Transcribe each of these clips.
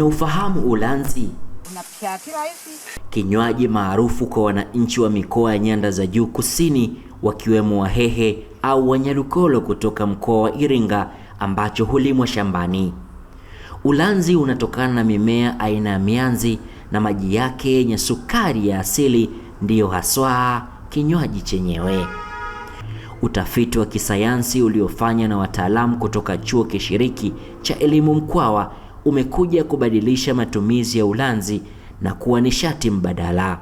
na ufahamu Ulanzi, kinywaji maarufu kwa wananchi wa mikoa ya nyanda za juu kusini, wakiwemo Wahehe au Wanyalukolo kutoka mkoa wa Iringa, ambacho hulimwa shambani. Ulanzi unatokana na mimea aina ya mianzi na maji yake yenye sukari ya asili ndiyo haswa kinywaji chenyewe. Utafiti wa kisayansi uliofanywa na wataalamu kutoka chuo kishiriki cha elimu Mkwawa umekuja kubadilisha matumizi ya ulanzi na kuwa nishati mbadala.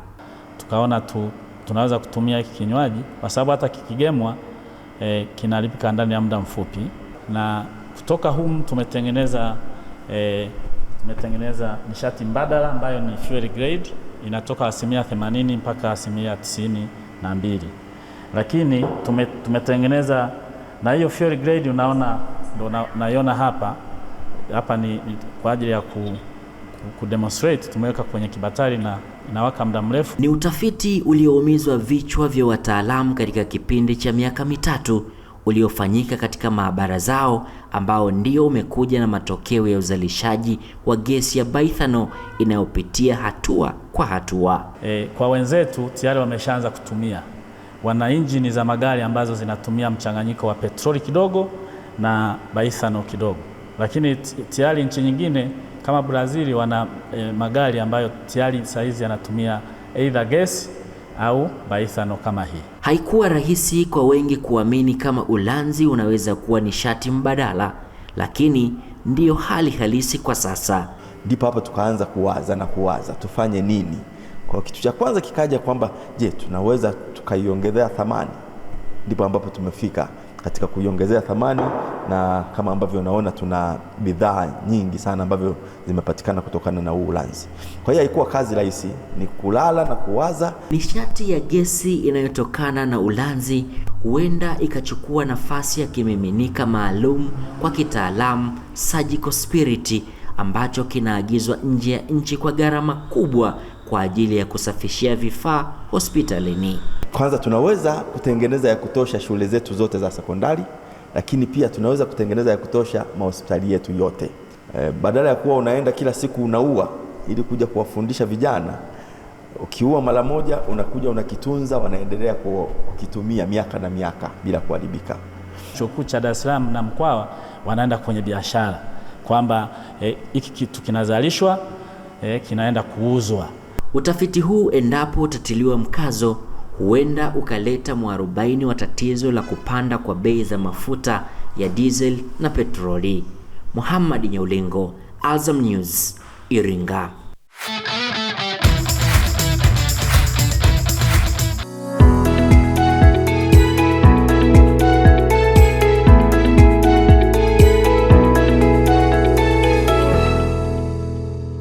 Tukaona tu, tunaweza kutumia hiki kinywaji kwa sababu hata kikigemwa e, kinalipika ndani ya muda mfupi, na kutoka humu tumetengeneza e, tumetengeneza nishati mbadala ambayo ni fuel grade inatoka asilimia 80 mpaka asilimia tisini na mbili, lakini tumetengeneza na hiyo fuel grade unaona, ndo naiona hapa hapa ni kwa ajili ya ku kudemonstrate tumeweka kwenye kibatari na inawaka muda mrefu. Ni utafiti ulioumizwa vichwa vya wataalamu katika kipindi cha miaka mitatu uliofanyika katika maabara zao ambao ndio umekuja na matokeo ya uzalishaji wa gesi ya baithano inayopitia hatua kwa hatua. E, kwa wenzetu tayari wameshaanza kutumia, wana injini za magari ambazo zinatumia mchanganyiko wa petroli kidogo na baithano kidogo lakini tayari nchi nyingine kama Brazil wana e, magari ambayo tayari saizi yanatumia either gesi au baithano kama hii. Haikuwa rahisi kwa wengi kuamini kama ulanzi unaweza kuwa nishati mbadala, lakini ndiyo hali halisi kwa sasa. Ndipo hapa tukaanza kuwaza na kuwaza tufanye nini. Kwa kitu cha kwanza kikaja kwamba je, tunaweza tukaiongezea thamani. Ndipo ambapo tumefika katika kuiongezea thamani na kama ambavyo unaona tuna bidhaa nyingi sana ambavyo zimepatikana kutokana na huu ulanzi. Kwa hiyo haikuwa kazi rahisi, ni kulala na kuwaza. Nishati ya gesi inayotokana na ulanzi huenda ikachukua nafasi ya kimiminika maalum kwa kitaalamu surgical spirit ambacho kinaagizwa nje ya nchi kwa gharama kubwa kwa ajili ya kusafishia vifaa hospitalini. Kwanza tunaweza kutengeneza ya kutosha shule zetu zote za sekondari lakini pia tunaweza kutengeneza ya kutosha mahospitali yetu yote. E, badala ya kuwa unaenda kila siku unaua ili kuja kuwafundisha vijana, ukiua mara moja unakuja unakitunza, wanaendelea kukitumia miaka na miaka bila kuharibika. Chuo Kikuu cha Dar es Salaam na Mkwawa wanaenda kwenye biashara kwamba eh, hiki e, kitu kinazalishwa e, kinaenda kuuzwa. Utafiti huu endapo utatiliwa mkazo huenda ukaleta mwarobaini wa tatizo la kupanda kwa bei za mafuta ya diesel na petroli. Muhammad Nyaulingo, Azam News, Iringa.